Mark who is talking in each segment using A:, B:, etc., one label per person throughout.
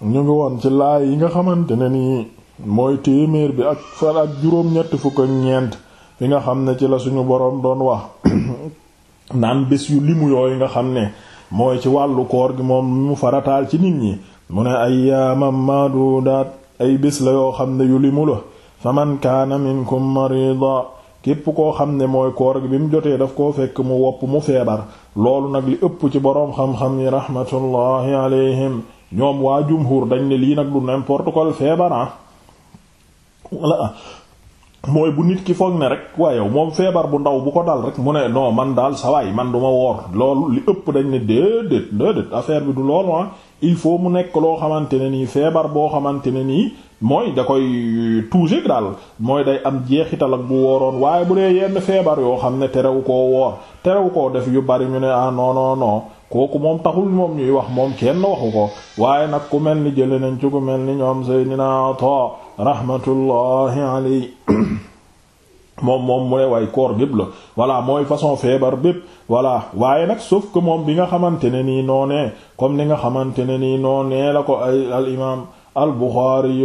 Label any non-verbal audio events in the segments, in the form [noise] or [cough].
A: ñu ngi woon ci laay yi nga xamante ne nii mooy téeméer bi ak far ak juróom-ñett fukk ñeent bi nga xam ne ci la suñu boroom doon wax [coughs] naan bés yu limu yooyu nga xam ne mooy ci wàllu koor gi moom mu farataal ci nit ñi mu ne ayyaaman daat ay bés la yoo xam ne yu limu la faman kaana minkum marida képp koo xam ne mooy koor gi bi mu jotee daf koo fekk mu wopp mu feebar loolu nag li ëpp ci boroom xam-xam yi rahmatullahi alayhim ñoom waa jumhur dañ ne lii nag du n'importe quel feebar ah. walla ah. mooy bu nit ki foog ne rek waa moom feebar bu ndaw bu ko dal rek mu ne non man daal sawaay man du woor loolu li ëpp dañ ne déedéet déedéet affaire bi du loolu ah il faut mu nekk loo xamante ne nii feebar boo xamante ne nii mooy da koy euh, toucher daal mooy day am jeexital ak bu wooroon waaye bu dee yenn feebar yoo xam ne terewu koo woor terewu koo def yu bari ñu ne ah kooku moom taxul moom ñuy wax moom kenn waxu ko waaye nag ku mel ni jële nañ ci ku mel ni ñoom Seydina Ata rahmatullahi alayhi [coughs] moom moom mu ne way koor gépp la voilà mooy façon feebar bépp voilà waaye nag sauf que moom bi nga xamante ne nii noonee comme ni nga xamante ne nii noonee la ko ay al imaam al Buxaari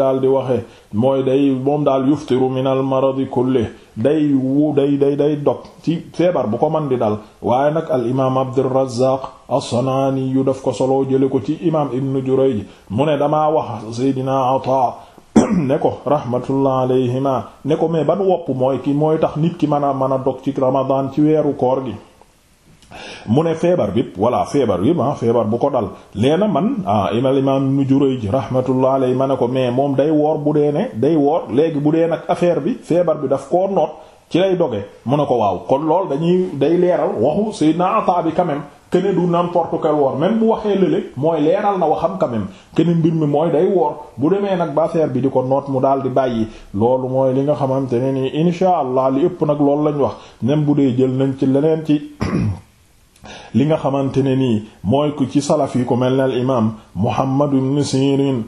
A: daal di waxe mooy day moom daal yuftiru min al maradi kulli day wu day day day dog ci feebar bu ko man di dal waaye nag al imaam Abdurrazzaq as-Sanani yu def ko solo jële ko ci imaam Ibn ji mu ne damaa wax Seydina Ataa [clears throat] ne ko rahmatullah alayhima ne ko mais ban wopp mooy ki mooy tax nit ki mën a mën a dog ci Ramadan ci weeru koor gi mu ne feebar bi voilà feebar bi ah feebar bu ko dal leena man ah imal imam nu Jurayj rahmatullah alayhi ma ne ko mais moom day woor bu dee ne day woor léegi bu dee nag affaire bi feebar bi daf koo noot ci lay doge mu ne ko waaw kon lool dañuy day leeral waxu Seydina Ataa bi quand même kene du n'importe quel woor même bu waxee lële mooy leeral na waxam quand même mbir mi mooy day woor bu demee nag ba bi di ko noot mu daal di bàyyi loolu mooy li nga xamante ne nii insha allah li ëpp nag loolu lañ wax même bu dee jël nañ ci leneen ci li nga xamante ne nii mooy ko ci salaf yi ku mel ne al imaam Muhammad ibn Sirin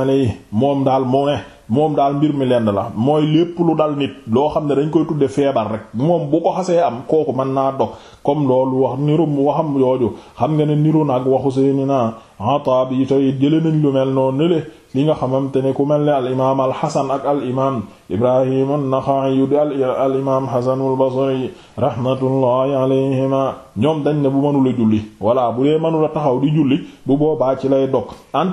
A: alayhi moom daal mu ne moom daal mbir mi lenn la mooy lépp lu dal nit loo xam ne dañ koy tudde feebar rek moom bu ko xasee am kooku mën naa dog comme loolu wax niru mu waxam yooju xam nga ne niru nag waxu naa Ata yi tey jëlee nañ lu mel noonu ne li nga xamante ne ku mel ne al imaam al Hasan ak al imaam Ibrahim an-Naxa'i yu di al imaam Hasanul Basri rahmatullahi alayhima ñoom dañ ne bu mënula julli voilà bu dee mënula taxaw di julli bu boobaa ci lay dog ant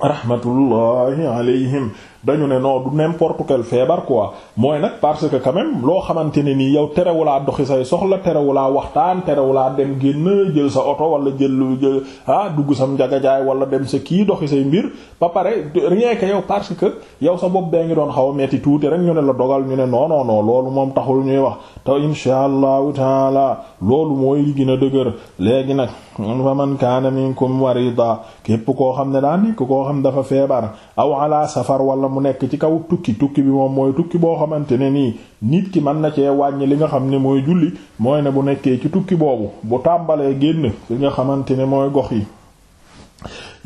A: rahmatullahi alayhim dañu ne non du n'importe quel feebar quoi mooy nag parce que quand loo xamante ne nii yow terewulaa doxi say soxla terewulaa waxtaan terewulaa dem génn jël sa oto wala jël jël ah dugg sam njagajaay wala dem sa kii doxi say mbir ba pare rien parce que yow sa bopp bee ngi doon xaw a metti tuuti rek ñu ne la dogal ñu ne non non non loolu moom taxul ñuy wax te insha allahu taala loolu mooy li gën a dëgër léegi nag fa man kaana minkum warida képp koo xam ne daan nekk koo xam dafa feebar aw ala safar wala mu nekk ci kaw tukki tukki bi moom mooy tukki boo xamante ne nii nit ki mën na cee wàññi li nga xam ne mooy julli mooy ne bu nekkee ci tukki boobu bu tàmbalee génn fi nga xamante ne mooy gox yi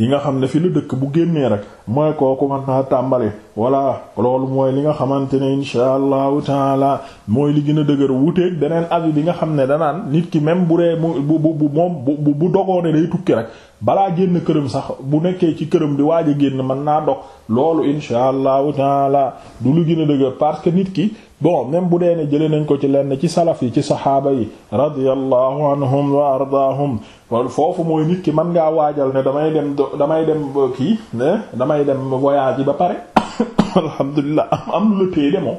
A: yi nga xam ne fi la dëkk bu génnee rek mooy kooku mën naa tàmbale voilà loolu mooy li nga xamante ne insha allahu taala mooy li gën a dëgër wuuteeg beneen avis bi nga xam ne danaan nit ki même bu dee bu bu bu moom bu bu dogoone day tukki rek balaa génn këram sax bu nekkee ci këram di waaj a génn man naa dog loolu insha allahu taala du lu gën a dëgër parce que nit ki bon même bu dee ne jëlee nañ ko ci lenn ci salaf yi ci saxaaba yi radiyallahu anhum wa ardaahum wal foofu mooy nit ki man ngaa waajal ne damay dem damay dem kii damay dem voyage yi ba pare [coughs] alhamdulilah am am lu la moom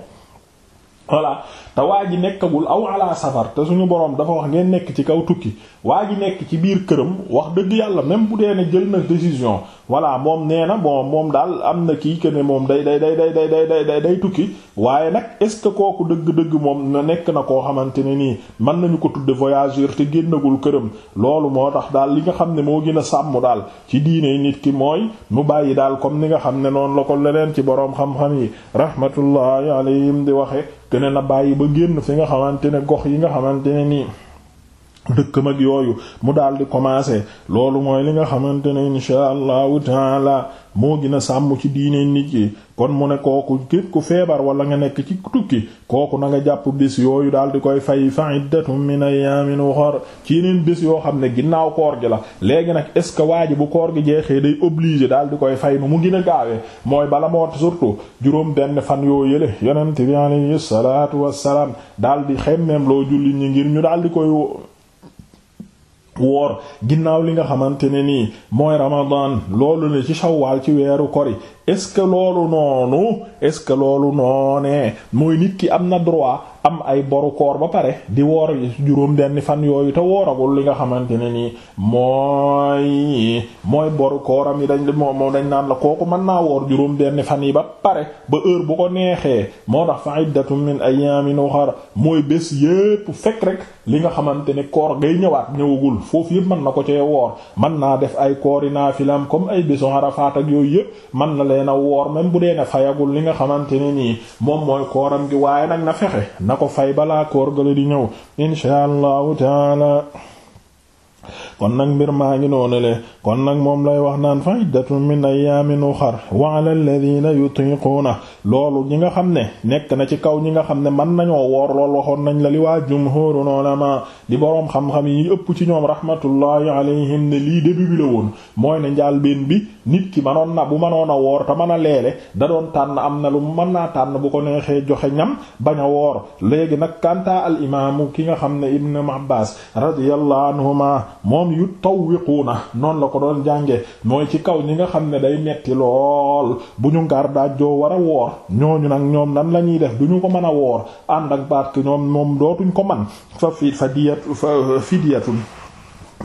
A: voilà te waa ji nekkagul aw ala safar te suñu borom dafa wax ngeen nekk ci kaw tukki waa ji nekk ci biir këram wax dëgg yàlla même bu dee ne jël na décision voilà moom nee na bon moom daal am na kii que ne moom day day day day day day day tukki waaye nag est ce que kooku dëgg-dëgg moom na nekk na koo xamante ne nii man nañu ko tudde voyageur te génnagul këram loolu moo tax daal li nga xam ne moo gën a sàmm daal ci diine nit ki mooy mu bàyyi daal comme ni nga xam ne noonu la ko leneen ci boroom xam-xam yi rahmatullahi alayhim di waxe kene na bàyyi ba génn fi nga xamante ne gox yi nga xamante ne nii dëkkam ak yooyu mu daal di commencer loolu mooy li nga xamante ne insha allahu taala moo gën a sàmm ci diine nit yi kon mu ne kooku képp ku feebar wala nga nekk ci tukki kooku na nga jàpp bés yooyu daal di koy fay fa iddatun min ayyamin ukhar ci yeneen bés yoo xam ne ginnaaw koor gi la léegi nag est ce que waa ji bu koor gi jeexee day obligé daal di koy fay nu mu gën a gaawee mooy bala moo surtout juróom benn fan yoo yële yonent bi alayhi salaatu wassalaam daal di xemmeem loo jullit daal di koy woor ginnaaw li nga xamante ne nii mooy ramadan loolu ne ci shawaal ci weeru kori est-ce que loolu noonu est-ce que loolu noonee mooy nit ki am na droit am ay boru koor ba pare di woor juróom benn fan yooyu te wooragul li nga xamante ne nii mooy mooy boru kooram yi dañ moom dañ naan la kooku mën naa woor juróom fan yi ba pare ba bu ko neexee moo tax fa iddatun min ayyamin ukhar mooy bés yépp fekk rek li nga xamante ne koor ngay ñëwaat ñëwagul foofu yépp mën na ko cee woor mën naa def ay koori naafilam comme ay bésu rafaat ak yooyu yépp man na leen a woor même bu dee ne fayagul li nga xamante ni nii moom mooy kooram gi waaye nag na fexe na ko fay balaa koor gële di ñëw insha allahu taala kon nag mbir maa ngi noonale kon nag moom lay wax naan fa iddatun min ayyaamin ukhar wa ala alladhina na loolu ñi nga xam ne nekk na ci kaw ñi nga xam ne mën nañoo woor lool waxoon nañ la li waa jumhurun ulama di boroom xam-xam yi ëpp ci ñoom rahmatullahi alayhim ne lii début bi la woon mooy ne njaal benn bi nit ki manoon na bu manoon a woor te mën a leele da doon tànn am na lu mën naa tànn bu ko neexee joxe ñam bañ a woor léegi nag kanta al ki nga xam ne ibn Abbas radiyallahu anhuma hum yutawwiquuna noonu la ko doon jànge mooy ci kaw ñi nga xam ne day metti lool bu ñu ngaar daajjoo war a woor ñooñu nag ñoom nan la ñuy def du ñu ko mën a woor ànd ak baat ñoom moom dootuñ ko man fa fi fa diyat fa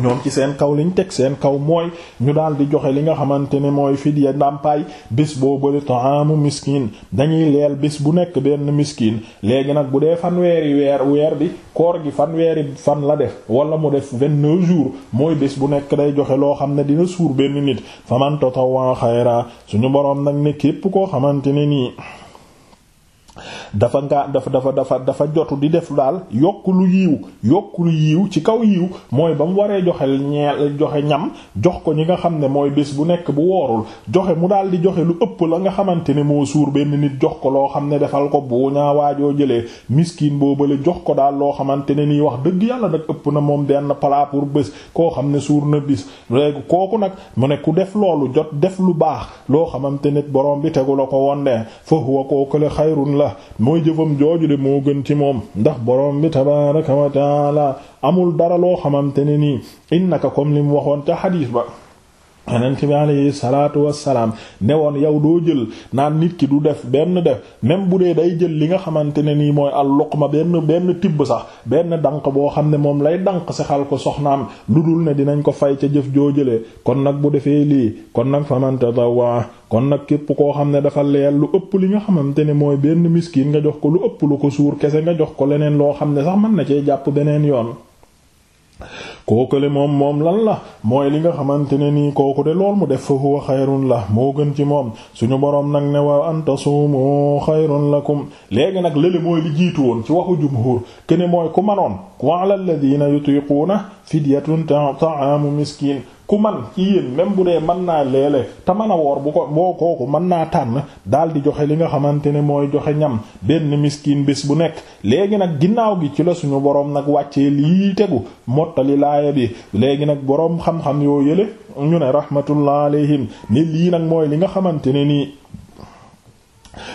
A: ñoom ci seen kaw liñ teg seen kaw mooy ñu daal di joxe li nga xamante ne mooy fidya ndàmpaay bés boo bëri taamu miskin dañuy leel bés bu nekk benn miskin léegi nag bu dee fanweeri weer weer bi koor gi fanweeri fan la def wala mu def vingt-neuf jours mooy bés bu nekk day joxe loo xam ne dina suur benn nit faman tatawwa xayra suñu boroom nag ne képp koo xamante ne nii dafa nga dafa dafa dafa dafa jotu di def daal yokk lu yiiw yokk lu yiiw ci kaw yiiw mooy ba mu waree joxe joxe ñam jox ko ñi nga xam ne mooy bés bu nekk bu woorul joxe mu daal di joxe lu ëpp la nga xamante ne moo suur benn nit jox ko loo xam ne defal ko bu ñaa waajoo jëlee miskin boobale jox ko daal loo xamante ne nii wax dëgg yàlla nag ëpp na moom benn plat bés koo xam ne suur na bis léegi kooku nag mu ne ku def loolu jot def lu baax loo xamante ne borom bi ko woon de fa huwa kooku le xayrun la mooy jëfam jooju de moo gën ci moom ndax borom bi tabaaraka wa taala amul dara loo xamante ne nii innaka comme li mu waxoon ca xadiis ba yonent bi alayhi salaatu ne woon yow doo jël naan nit ki du def benn def même bu dee day jël li nga xamante ne nii mooy al ma benn benn tibb sax benn danq boo xam ne moom lay danq si xal ko soxnaam lu dul ne dinañ ko fay ca jëf joo joojëlee kon nag bu defee lii kon nag faman waa kon nag képp koo xam ne dafa leel lu ëpp li nga xamante ne mooy benn miskin nga jox ko lu ëpp lu ko suur kese nga jox ko leneen loo xam ne sax mën na cee jàpp beneen yoon kookale moom moom lan la mooy li nga xamante ne nii kooku de lool mu def fa huwa xayrun la moo gën ci moom suñu boroom nag ne wa an tasuumu xayrun lakum léegi nag lële mooy li jiitu woon ci waxu jumhur kene mooy ku manoon wa ala alladhina yutiquuna fidyatun ta'amu miskin ku man ci yéen même bu dee mën naa léeg-léeg te mën a woor bu ko boo kooku mën naa tànn daal di joxe li nga xamante ne mooy joxe ñam benn miskin bés bu nekk léegi nag ginnaaw gi ci la suñu boroom nag wàccee lii tegu mottali laaya bi léegi nag boroom xam-xam yoo yële ñu ne rahmatullah alayhim lii nag mooy li nga xamante ne nii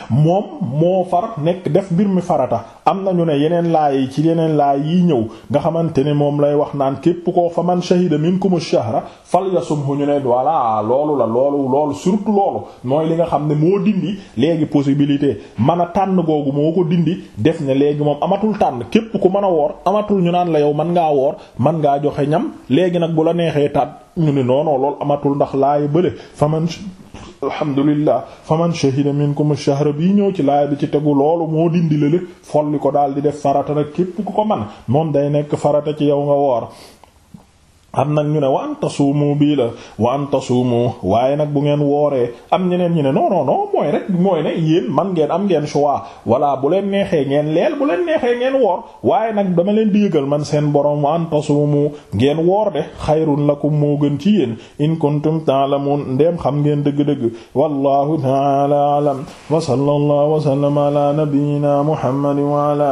A: moom moo far nekk def mbir mi farata am na ñu ne yeneen laay yi ci yeneen laay yi ñëw nga xamante ne moom lay wax naan képp ko fa man shahida minkum ash-shahra falyasumhu ñu ne voilà loolu la loolu loolu surtout loolu mooy li nga xam ne moo dindi léegi possibilité mën a tànn googu moo ko dindi def ne léegi moom amatul tànn képp ku mën a woor amatul ñu naan la yow man ngaa woor man ngaa joxe ñam léegi nag bu la neexee tànn ñu ne non non loolu amatul ndax laay bële fa alhamdulillah faman shahida minkum ash-shahra bii ñëw ci laaya bi ci tegu loolu moo dindi lale folli ko daal di def farata nag képp ku ko man moom day nekk farata ci yow nga woor am nag ñu ne wa an tasuumu bii la wa an tasuumu waaye nag bu ngeen wooree am ñeneen ñu ne non non non rek mooy ne yéen man ngeen am ngeen choix walla bu leen neexee ngeen leel bu leen neexee ngeen woor waaye nag dama leen di yëgal man seen borom wa an tasuumu ngeen woor de xayrun lakum moo gën ci yéen in kuntum ta'lamun ndeem xam ngeen dëgg-dëgg wallahu ta'ala a'lam wa sallallahu wa sallama ala nabiyyina muhammadin wa ala